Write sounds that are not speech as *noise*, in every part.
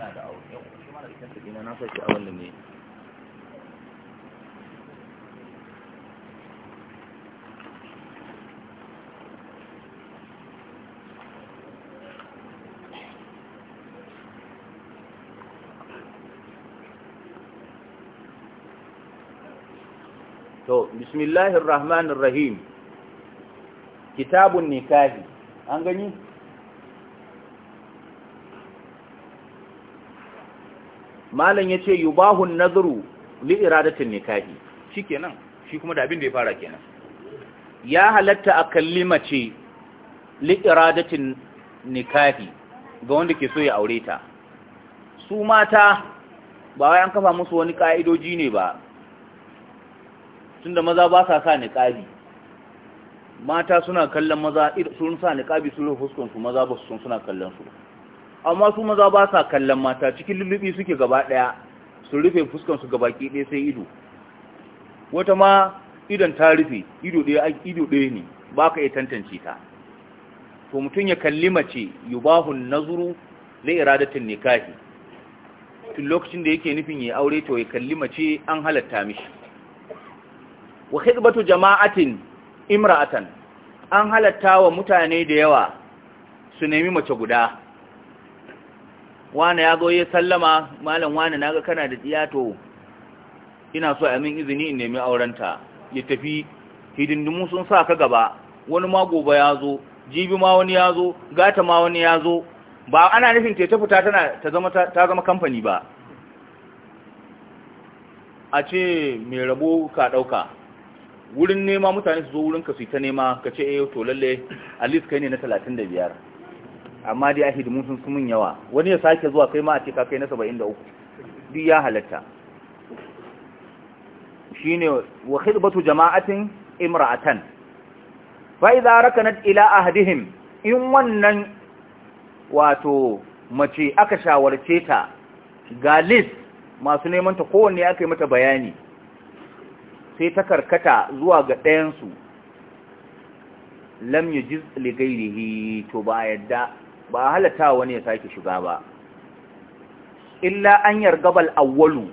ana da auri yau kuma da kitan dina na sace a wannan ne to bismillahir rahmanir rahim kitabun nikahi an gani malam ya ce, yi bahun li li'iradatin nikahi shikenan shi kuma da abin da ya fara kenan ya halatta a kalli mace li'iradatin iradatin nikahi ga wanda ke so ya aure ta su mata ba wai an kafa musu wani ka'idoji ne ba tunda maza ba sa sa mata suna kallon maza sun sa niqabi sun maza ba su sun suna kallon su amma su maza ba sa kallon mata cikin lullubi suke gaba ɗaya su rufe fuskansu gabaki ɗaya sai ido wata ma idan ta rufe ido ɗaya ne ba ka iya tantance ta to mutum ya kalli mace yubahun nazuru na iradatin nikahi tun lokacin da yake nufin ya aure to ya kalli mace an halatta mishi wa khidbatu jama'atin imra'atan an halatta wa mutane da yawa su nemi mace guda wani ya zo ya sallama malam wani na ga kana da tiyato ina so a min izini in nemi aurenta ya tafi hidindimu sun sa ka gaba wani ma gobe ya zo jibi ma wani ya zo gata ma wani ya zo ba ana nufin ta fita tana ta zama kamfani ba a ce mai rabo ka ɗauka wurin nema mutane su zo wurin ka su ta nema ka ce eh to lalle alis kai ne na 35 amma dai a hidimun sun sumun yawa wani ya sake zuwa kai ma a cika kai na 73 duk ya halatta shine wa khidbatu jama'atin imra'atan fa idza rakanat ila ahdihim in wannan wato mace aka shawarce ta galis masu neman ta kowanne aka yi mata bayani sai ta karkata zuwa ga ɗayansu lam yujiz li ghairihi to ba yadda ba a halatta wani ya sake shiga ba illa an yargabal awwalu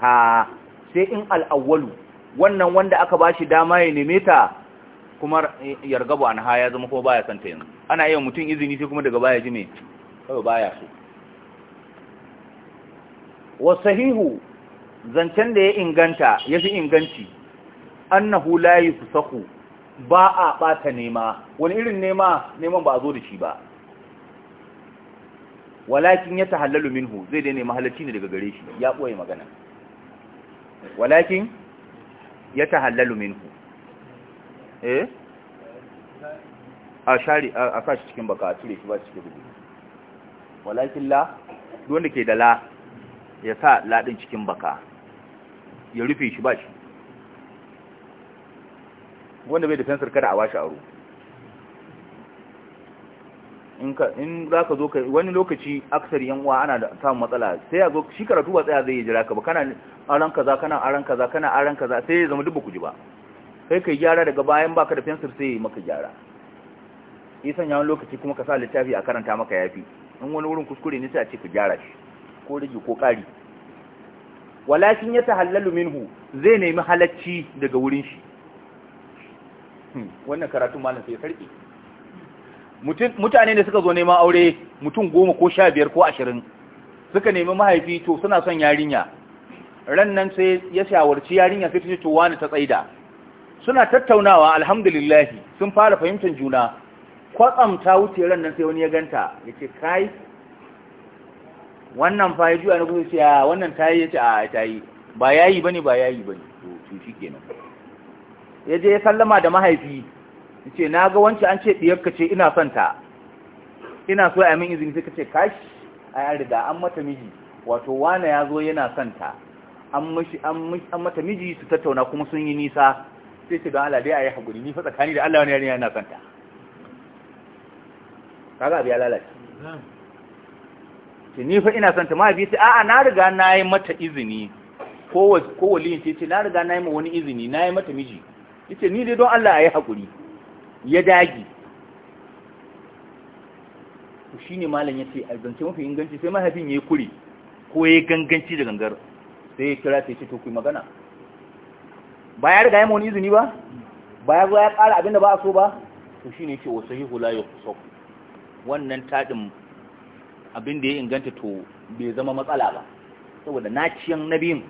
ha sai in awwalu wannan wanda aka bashi dama ya neme ta kuma yargabu ha ya zama kuma baya santa yanzu ana yin mutum izini sai kuma daga baya ji me kawai baya so wa sahihu zancen da ya inganta ya fi inganci annahu la yusahu ba a bata nema wani irin nema neman ba a zo da shi ba walakin ya tahallalu minhu zai daina mahallaci ne daga gare shi ya ɓoye magana walakin ya tahallalu minhu eh a shari a kashi cikin baka a cire shi ba cikin gudu walakin la duwanda ke da la ya sa laɗin cikin baka ya rufe shi ba shi wanda bai da fensir kada a washe aro in za ka zo ka wani lokaci aksar yan uwa ana da samun matsala sai ya zo shi karatu ba tsaya zai yi jira ka ba kana aran kaza kana aran kaza kana aran kaza sai ya zama duk kuji ku ji ba sai kai gyara daga bayan baka da fensir sai maka gyara isan yawon lokaci kuma ka sa littafi a karanta maka yafi in wani wurin kuskure ne sai a ce ka gyara shi ko rage ko ƙari walakin ya tahallalu minhu zai nemi halacci daga wurin shi hmm, wannan karatu malam sai sarki mutane ne suka zo neman aure mutum goma ko sha biyar ko ashirin suka nemi mahaifi to suna son yarinya ran nan sai ya shawarci yarinya sai ta ce to wani ta tsaida suna tattaunawa alhamdulillahi sun fara fahimtar juna kwatsam ta wuce ran nan sai wani ya ganta ya ce kai wannan fa ya juya na kusa ya wannan ta yi ya ce a ta yi ba yayi bane ba yayi bane to shi kenan ya je ya sallama da mahaifi ce na ga wancan an ce ɗiyarka ce ina son ta ina so a min izini sai ka ce kashi a yan riga an mata miji wato wane ya zo yana son ta an mata miji su tattauna kuma sun yi nisa sai ce don Allah dai a yi haguri nifa tsakani da Allah wani yarinya yana son ta kaga abu ya lalace ce nifa ina son ta mahaifi sai a na riga na yi mata izini ko ce ce na riga na yi ma wani izini na yi mata miji yace ni dai don Allah a yi haguri ya Ku shi ne malam ya ce a zance mafi inganci sai mahaifin ya yi kuri, ko ya yi ganganci da gangar sai ya kira sai ce to ku magana ba ya riga ya mawani izini ba ba ya ya ƙara abin da ba a so ba Ku shi ne ya ce wasu sahi hula ya kusa wannan taɗin abin da ya inganta to bai zama matsala ba saboda naciyan biyun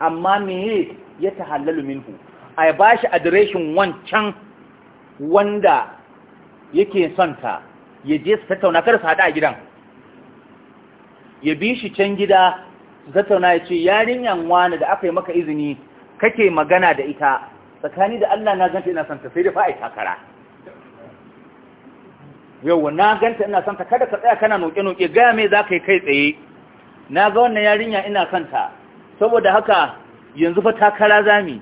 amma me ya tahallalu minhu a ba shi adireshin wancan wanda yake son ta ya je su tattauna kar su haɗa a gidan ya bi shi can gida su tattauna ya ce yarinyan wani da aka yi maka izini kake magana da ita tsakani da Allah na ganta ina son sai da fa’ai takara yau na ganta ina son kada ka tsaya kana noke-noke gaya mai za ka yi kai tsaye na ga wannan yarinya ina son saboda haka yanzu fa takara zami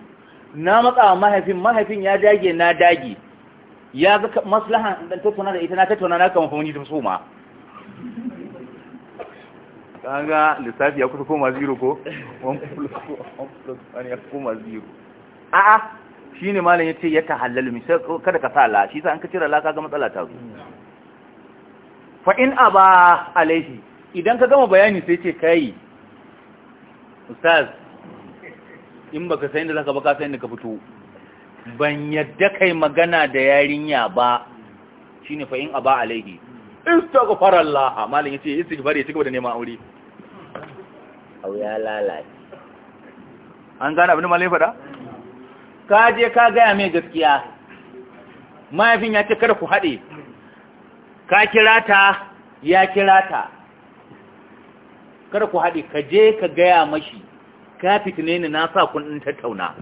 na matsawa mahaifin mahaifin ya dage na dage ya ga maslaha in dan tattauna da ita na tattauna na kama fahimci ta so ma kaga lissafi ya kusa koma zero ko 1 plus 1 plus 1 ya koma zero a'a shine malam yace ya tahallalu misal kada ka sa la shi sa an ka cire la kaga matsala ta zo fa in aba alaihi idan ka gama bayani sai ce kai ustaz in baka san da zaka baka san da ka fito ban yadda kai magana da yarinya ba shine fa in aba alaihi istaghfirullah malin yace istighfar ya cigaba da neman aure au ya lalace an gane abin malin fada ka je ka gaya mai gaskiya mahaifin ya ce kada ku haɗe ka kira ta ya kira ta kada ku haɗe ka je ka gaya mashi ka fitine ni na sa kun tattauna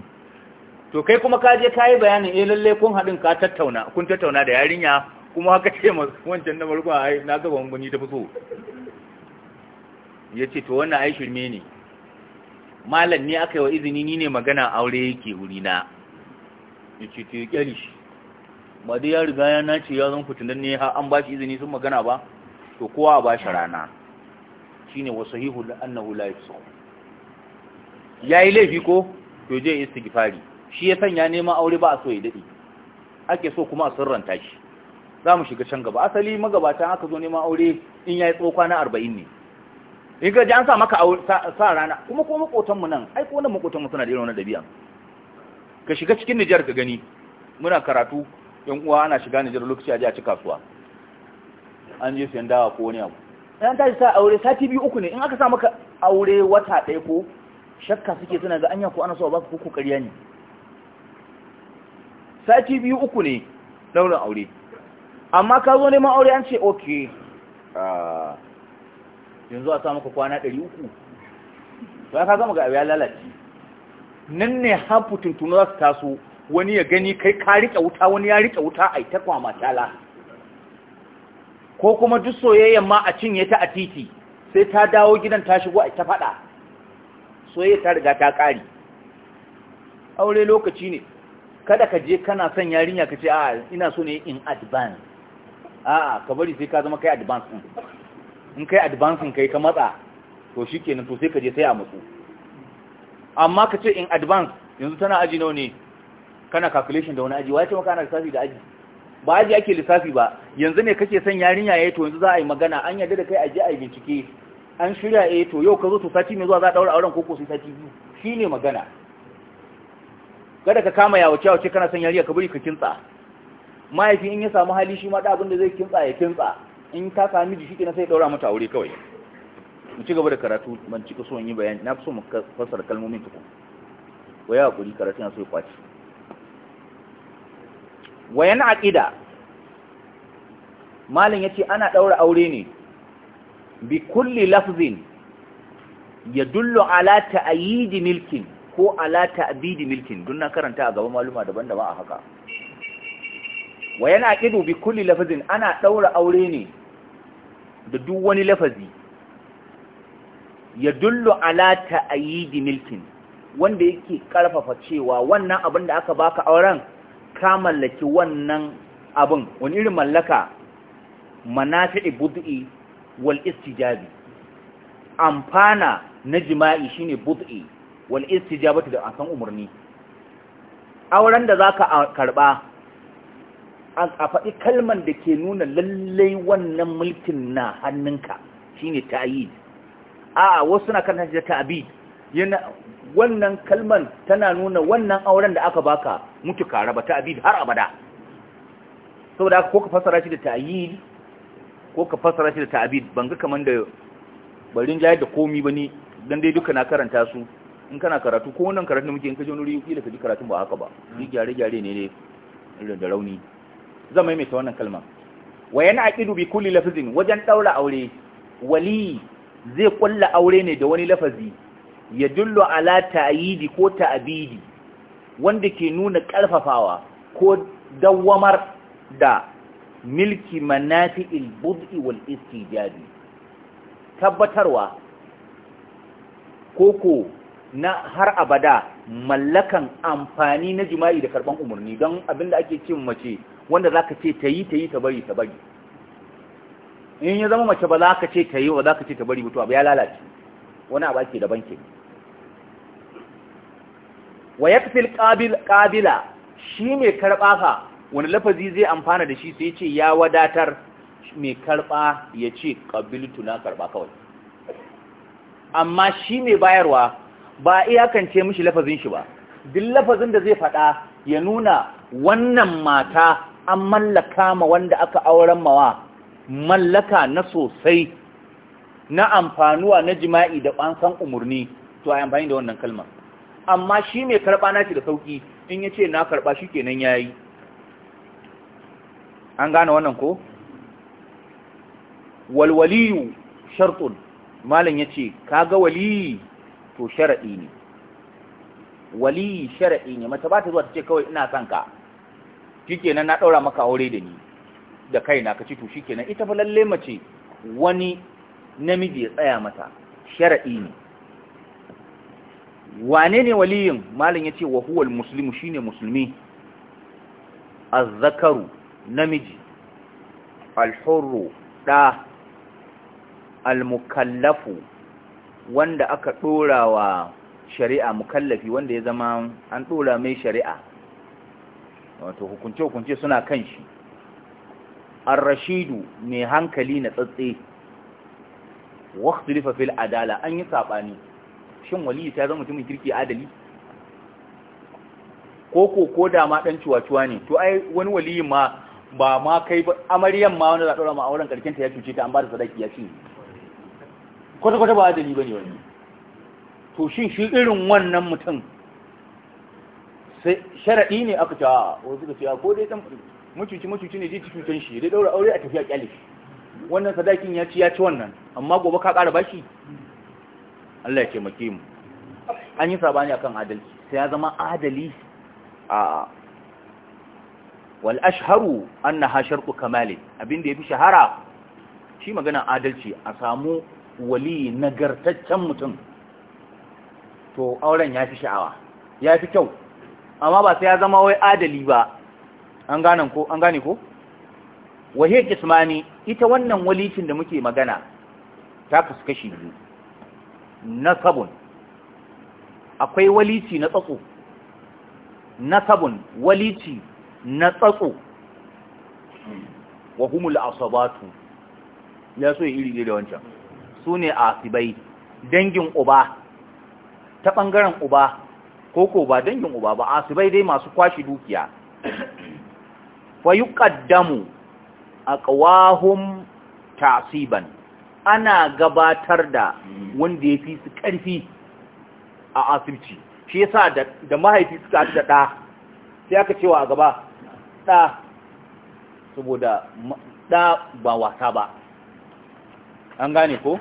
to kai kuma ka je kayi bayanin eh lalle kun hadin ka tattauna kun tattauna da yarinya kuma haka ce mu wancan na farko ai na ga ban guni tafi so yace to wannan ai shirme ne malam ne aka yi wa izini ni ne magana aure yake wuri na yace to kyali shi ba dai ya riga ya nace ya zan dan ne har an ba shi izini sun magana ba to kowa ba shi rana shine wasahihu annahu la yafsu yayi laifi ko to je istighfari shi ya sanya neman aure ba a so ya daɗe ake so kuma a sirranta shi za mu shiga can gaba asali magabatan aka zo neman aure in ya yi tso kwana arba'in ne in gaji an sa maka sa rana kuma ko makotanmu nan ai ko wannan makotanmu suna da irin dabi'a ka shiga cikin Nijar ka gani muna karatu yan uwa ana shiga Nijar lokaci a ji a ci kasuwa an je sayan dawa ko wani abu an tashi sa aure sati biyu uku ne in aka sa maka aure wata ɗaya ko shakka suke suna ga anya ko ana so ba ku ko ƙarya ne sati biyu uku ne daurin aure amma ka zo neman aure an ce ok yanzu a sa maka kwana ɗari uku ba ka gama ga abu ya lalace nan ne hafu tuntunu za su taso wani ya gani kai ka riƙe wuta wani ya riƙe wuta a ita kwama tala ko kuma duk soyayyen ma a cinye ta a titi sai ta dawo gidan ta shigo a ta faɗa soyayya ta riga ta ƙari aure lokaci ne kada ka je kana son yarinya ka ce a ina so ne in advance a'a ka bari sai ka zama kai advance din in kai advance kai ka matsa to shikenan to sai ka je sai a matsu amma ka ce in advance yanzu tana aji nawa ne kana calculation da wani aji wace maka ana lissafi da aji ba aji ake lissafi ba yanzu ne kake son yarinya yayi to yanzu za a yi magana an yarda da kai aje a yi bincike an shirya eh to yau ka zo to sati mai zuwa za a daura auren koko sai sati biyu shine magana kada ka kama cewa ce kana son yariya ka buri ka kintsa mahaifi in ya samu hali shi ma da abin da zai kintsa ya kintsa in ka sami miji shi kenan sai ya daura mata aure kawai mu ci gaba da karatu ban cika so yi bayani na fi so mu fassara kalmomin tukun waya ya hakuri karatu na so ya kwaci wayan aqida malin yace ana daura aure ne bi kulli lafzin yadullu ala ta'yid milkin ko ala ta'bidi milkin dun na karanta a gaban maluma daban-daban a haka wa yana kidu bi kulli lafazin ana daura aure ne da duk wani lafazi ya dullu ala ta'yidi milkin wanda yake karfafa cewa wannan abin da aka baka auren ka mallaki wannan abin wani irin mallaka manafi'i bud'i wal istijabi amfana na jima'i shine bud'i wal istijabatu da asan umarni auren da zaka karba a faɗi kalman da ke nuna lallai wannan mulkin na hannunka shine ta'yid a wasu na kan hajjar ta'bid yana wannan kalman tana nuna wannan auren da aka baka mutu karaba raba ta'bid har abada saboda ko ka fassara shi da ta'yid ko ka fassara shi da ta'bid ban ga kaman da barin jayar da komi bane dan dai duka na karanta su in kana karatu ko wannan karatu muke in ka je wani kila ka ji karatun ba haka ba ni gyare-gyare ne ne da rauni zan maimaita wannan kalma wa yana aqidu bi kulli lafzin wajen daura aure wali zai kulla aure ne da wani lafazi ya dullo ala ta'yidi ko ta'bidi wanda ke nuna karfafawa ko dawamar da milki manafi'il bud'i wal istijabi tabbatarwa koko na har abada mallakan amfani na jima'i da karban umarni don abinda ake cin mace wanda za ka ce ta yi ta yi ta bari ta bari in ya zama mace ba za ka ce ta yi ba za ka ce ta bari mutu abu ya lalace wani abu ake daban ke wa ya fi ƙabila shi mai karɓa ka wani lafazi zai amfana da shi sai ce ya wadatar mai karɓa ya ce ƙabiltu na karɓa kawai amma shi mai bayarwa ba iyakance mishi lafazin shi ba duk lafazin da zai faɗa ya nuna wannan mata an mallaka ma wanda aka auren mawa mallaka na sosai na amfanuwa na jima'i da ɓansan umarni to a amfani da wannan kalmar amma shi mai karɓa na da sauki in yace ce na karɓa shi kenan ya yi an gane wannan ko? walwaliyu shartun Malam ya kaga waliyi to sharaɗi ne wali sharaɗi ne mace ba ta zuwa ta ce kawai ina son ka shikenan na ɗaura maka aure da ni da kaina ka ci to shikenan ita fa lalle mace wani namiji ya tsaya mata sharaɗi ne wane ne waliyin malin ya ce wa huwal muslimu shine musulmi azzakaru namiji alhurru ɗa almukallafu wanda aka ɗora wa shari'a mukallafi wanda ya zama an ɗora mai shari'a wato hukunce-hukunce suna kan shi an rashidu mai hankali na tsatse waqtilifa fil adala an yi saɓani shin Waliyu ta zama mutumin kirki adali ko ko ko da ma dan ciwaciwa ne to ai wani Waliyu ma ba ma kai ba amaryan ma wanda za ta ɗora ma ya cuce ta an ba da sadaki ya ce kwata-kwata ba adali ba ne wani to shi shi irin wannan mutum sharaɗi ne aka ta wasu suka cewa ko dai ɗan mucuci mucuci ne zai ci shi dai ɗaura aure a tafiya ƙyale wannan sadakin ya ci ya ci wannan amma gobe ka ƙara bashi Allah ya taimake mu an yi sabani akan adalci sai ya zama adali a wal ashharu annaha shartu kamali abinda fi shahara shi magana adalci a samu wali nagartaccen mutum to auren ya fi sha'awa ya fi kyau amma ba sai ya zama wai adali ba an gane ko wahe kismani ita wannan walicin da muke magana ta kasu kashi na sabon akwai walici na tsatso sabon walici na tsatso wa humul asabatu ya so iri da wancan su ne asibai dangin uba ta ɓangaren uba ko ko ba dangin uba ba asibai dai masu kwashi dukiya fa a ƙawahun ta'siban ana gabatar da wanda ya fi su karfi a asibci shi yasa da da mahaifi suka da ɗa sai aka cewa a gaba ɗa saboda ɗa ba wasa ba an gane ko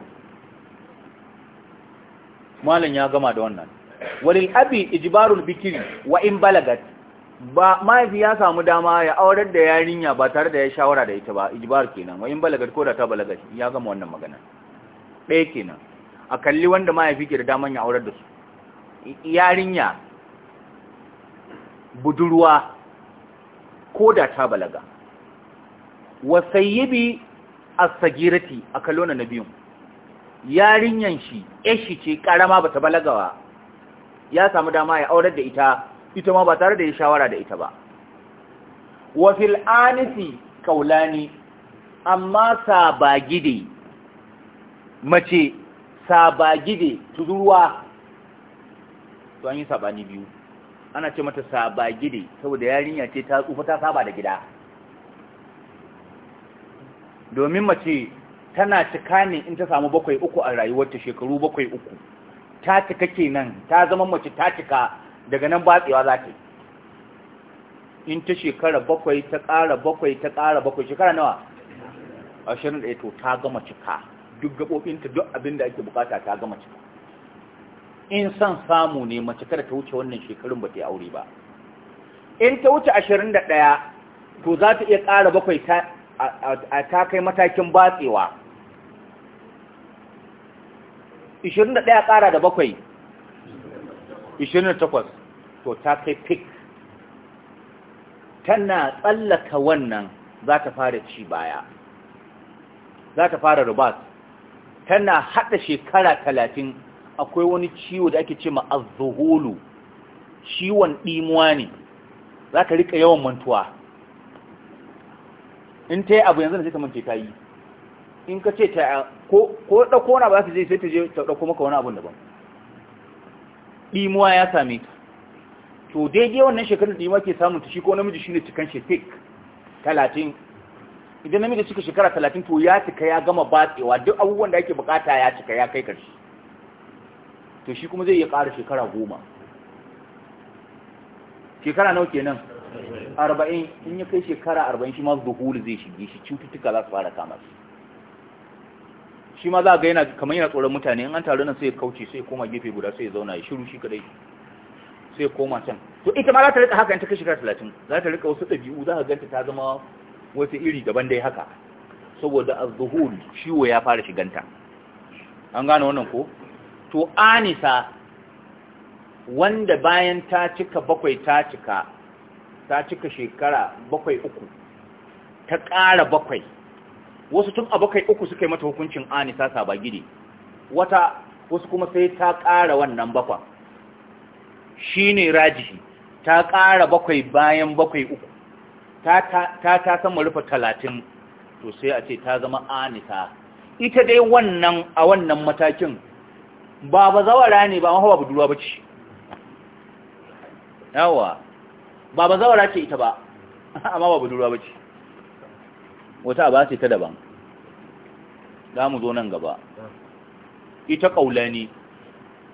malam ya gama da wannan walil abi ijbarul bikri wa in balagat ba mahaifi ya samu dama ya aurar da yarinya ba tare da ya shawara da ita ba ijbar kenan wa in balagat ko da ta balagat ya gama wannan magana ɗaya kenan a kalli wanda mahaifi ke da daman ya aurar da su yarinya budurwa ko da ta balaga wasayyibi as-sagirati a kallon na biyun yarinyan shi eshi ce karama ta balagawa ya samu dama ya aurar da ita ita ma ba tare da ya shawara da ita ba wa fil anisi kaulani amma sabagide mace sabagide turuwa to an yi sabani biyu ana ce mata sabagide saboda yarinya ce ta tsufa ta saba da gida domin mace tana cika ne in ta samu bakwai uku a rayuwarta shekaru bakwai uku ta cika kenan ta zama mace ta cika daga nan batsewa za ta yi in ta shekara bakwai ta ƙara bakwai ta ƙara bakwai shekara nawa ashirin da to ta gama cika duk gaɓoɓinta duk abin da ake bukata ta gama cika in son samu ne mace kada ta wuce wannan shekarun ba ta yi aure ba in ta wuce ashirin da ɗaya to za ta iya ƙara bakwai ta kai matakin batsewa 21 ƙara da bakwai 28 to ta kai fik tana tsallaka wannan za ta fara ci baya za ta fara rubas tana haɗa shekara talatin akwai wani ciwo da ake ce ma azzuhulu ciwon ɗimuwa ne za ka riƙa yawan mantuwa in ta yi abu yanzu da sai ta mance ta yi in ka ce ta ko ɗauko wani ba su je sai ta je ta ɗauko maka wani abun daban ɗimuwa ya same ta to daidai wannan da ɗimuwa ke samun ta shi ko namiji shi ne cikin shetek talatin idan namiji cika shekara talatin to ya cika ya gama batsewa duk abubuwan da ake bukata ya cika ya kai ƙarshe to shi kuma zai iya ƙara shekara goma shekara nawa kenan arba'in in ya kai shekara arba'in shi ma zuhuri zai shige shi cututtuka za su fara kama su shi ma za ga yana kamar yana tsoron mutane in an taru nan sai ya kauce sai ya koma gefe guda sai ya zauna ya shiru shi kadai sai ya koma can to ita ma za ta rika haka in ta kashi kara talatin za ta rika wasu ɗabi'u za ka ganta ta zama wasu iri daban dai haka saboda az-zuhur ciwo ya fara shiganta an gane wannan ko to anisa wanda bayan ta cika bakwai ta cika ta cika shekara bakwai uku ta ƙara bakwai wasu tun abokai uku suka yi mata hukuncin anisa gidi wata wasu kuma sai ta ƙara wannan bakwa shi ne rajihi ta ƙara bakwai bayan bakwai uku ta ta sama marufa talatin to sai a ce ta zama anisa ita dai wannan a wannan matakin ba ba zawara ne ba mahawa budurwa ba ce yawa ba ba zawara ce ita ba *laughs* amma ba budurwa ba ce wata ba ce ta daban za mu zo nan gaba ita ƙaulani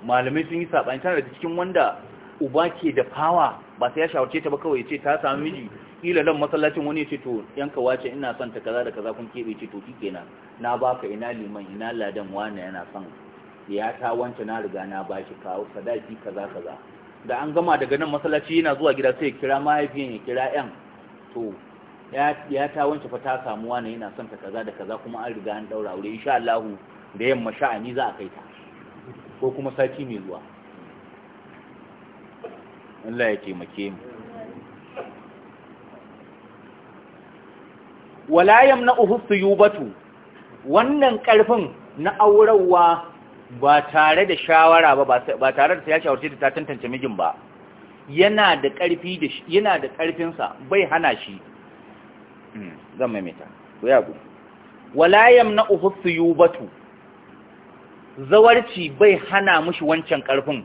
malamai sun yi saɓani tana da cikin wanda uba ke da fawa ba sai ya shawarce ta ba kawai ce ta sami miji ila nan masallacin wani ce to yanka wace ina son ta kaza da kaza kun kebe ce to kike na baka ina liman ina ladan wani yana son ya ta wance na riga na bashi kawo sadaki kaza kaza da an gama daga nan masallaci yana zuwa gida sai kira mahaifiyan ya kira yan to ya ta wance fa ta samu wani yana son ta kaza da kaza kuma an riga an daura aure insha Allah da yamma sha'ani za a kai ta ko kuma sati mai zuwa Allah ya taimake mu wala yamna'uhu suyubatu wannan karfin na aurawa ba tare da shawara ba ba tare da yace aure ta tantance mijin ba yana da karfi da yana da karfin sa bai hana shi Hmm, zan maimaita ku ya gudu wala zawarci bai hana mushi wancan karfin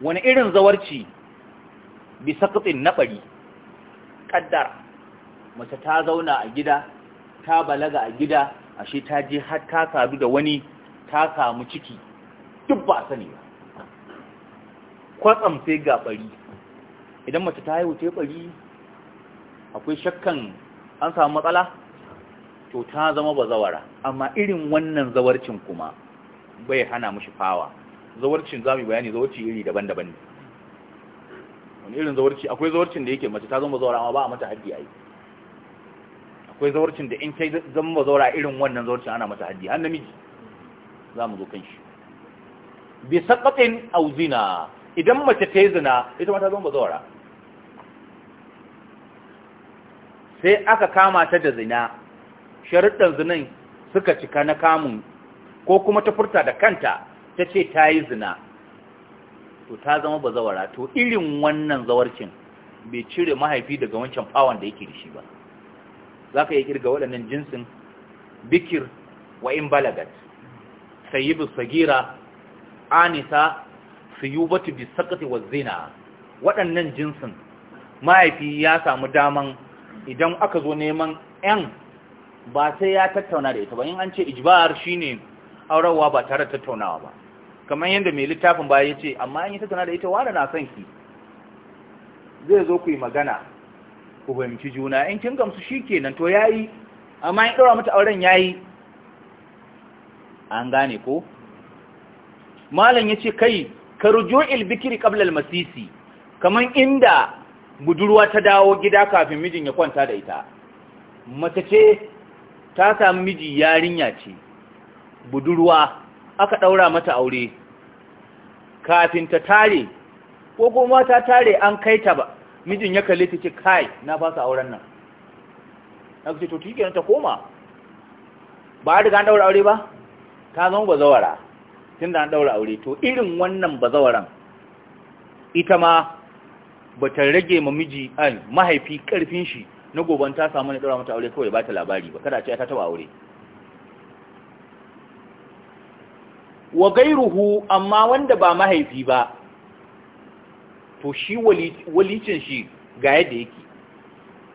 wani irin zawarci bi na nafari kaddar mace ta zauna a gida ta balaga a gida ashe ta je har ta sadu da wani ta samu ciki duk ba sani ba kwatsam sai ga ɓari, idan mace ta haihu ta bari akwai shakkan an samu matsala to ta zama bazawara amma irin wannan zawarcin kuma bai hana mushi fawa zawarcin za mu bayani zawarci iri daban-daban ne wani irin zawarci akwai zawarcin da yake mace ta zama bazawara amma ba a mata haddi ai akwai zawarcin da in kai zama bazawara irin wannan zawarcin ana mata haddi har namiji za mu zo kan shi bi saqatin aw zina idan mace ta yi zina ita ma ta zama bazawara sai aka kama ta da zina sharuɗan zinan suka cika na kamun ko kuma ta furta da kanta ta ce ta yi zina to ta zama ba zawara to irin wannan zawarcin bai cire mahaifi daga wancan fawon da yake da shi ba za ka yi kirga waɗannan jinsin bikir wa in balagat sayyibu sagira anisa su yi wata bisakati wa zina waɗannan jinsin mahaifi ya samu daman idan aka zo neman yan ba sai ya tattauna da ita ba in an ce ijbar shine aurewa ba tare tattaunawa ba kamar yadda mai littafin baya ya ce amma in tattauna da ita da na son ki zai zo ku yi magana ku fahimci juna in kin gamsu shi ke nan to ya yi. amma in ɗora mata auren ya yi. an gane ko malam ya ce kai ka rujo ilbikiri kablal masisi kamar inda budurwa ta dawo gida kafin mijin ya kwanta da ita mace ce ta sami miji yarinya ce budurwa aka ɗaura mata aure kafin ta tare ko kuma ta tare an kai ta ba mijin ya kalli ta ce kai na fasa auren nan na ce to tike ta koma ba riga an ɗaura aure ba ta zama bazawara tunda an ɗaura aure to irin wannan bazawaran ita ma ba ta rage ma miji ai mahaifi karfin shi na goban ta samu ne dora mata aure kawai ba ta labari ba kada a ce ta taba aure wa gairuhu amma wanda ba mahaifi ba to shi walicin shi ga yadda yake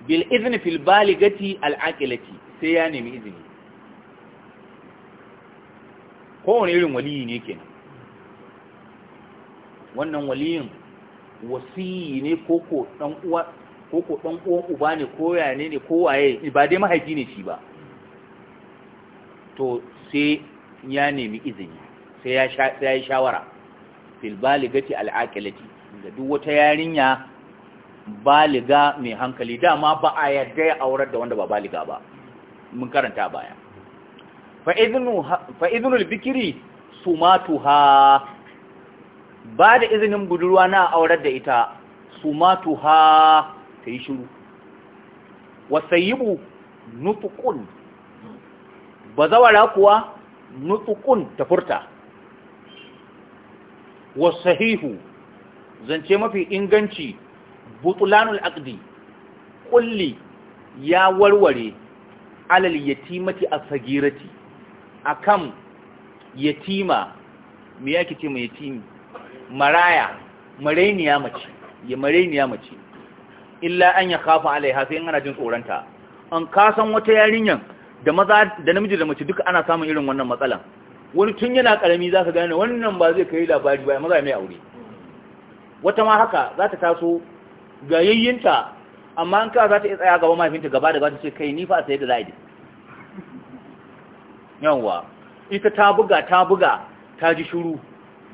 bil izni fil baligati al aqilati sai ya nemi izini Ko wani irin waliyi ne kenan wannan waliyin wasiyi ne ko ko dan uwa uwan uba ne ko yane ne ko waye ba dai mahaifi ne shi ba to sai ya nemi izini sai ya sai shawara fil baligati al aqilati da duk wata yarinya baliga mai hankali dama ba a yarda ya aurar da wanda ba baliga ba mun karanta baya fa bikiri fa matu bikri sumatuha ba da izinin budurwa na aurar da ita su matu ha ta yi shiru bu nutukun ba zawara kuwa nutukun ta furta wasahihu zance mafi inganci butulanul akdi. kulli ya warware alal yatimati sagirati akan yatima me yake ce mai yatimi maraya marainiya mace ya marainiya mace illa an ya kafa alaiha sai ana jin tsoronta an kasan wata yarinyan da maza da namiji da mace duka ana samun irin wannan matsalan wani tun yana karami za ka gane wannan ba zai kai labari ba maza mai aure wata ma haka za ta taso yayyinta amma an ka za ta iya tsaya gaba mahaifinta gaba da gaba ce kai ni fa a sayar da zaidi yawwa ita ta buga ta buga ta ji shuru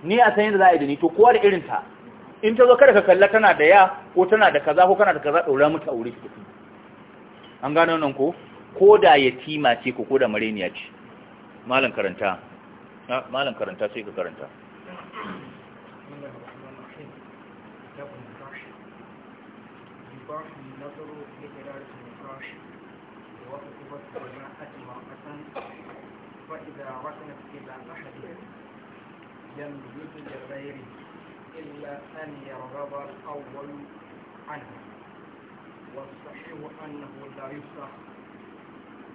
ni a san yadda za a yi da ni to kowa da irin ta in ta zo kada ka kalla tana da ya ko tana da kaza ko kana da kaza ɗaura mata aure ki tafi an gano nan ko ko da yatima ce ko ko da mareniya ce malam karanta malam karanta sai ka karanta فإذا يملك لغيره إلا أن يرغب الأول عنه والصحيح أنه لا يفتح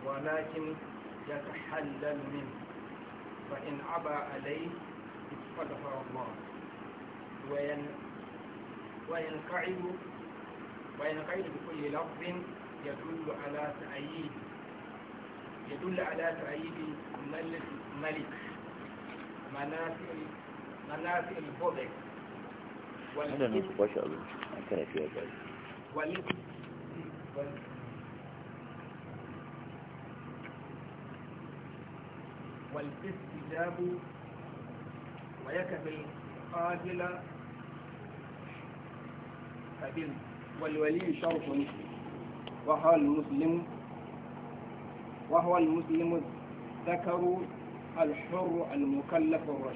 ولكن يتحلل منه فإن عبى عليه استغفر الله وين وينقعد وينقعد بكل لفظ يدل على تأييد يدل على تأييد ملك منافع منافع البضع والإثم والاستجاب ويكفي القابل والولي شرط وهو المسلم وهو المسلم ذكروا الحر المكلف الرشيد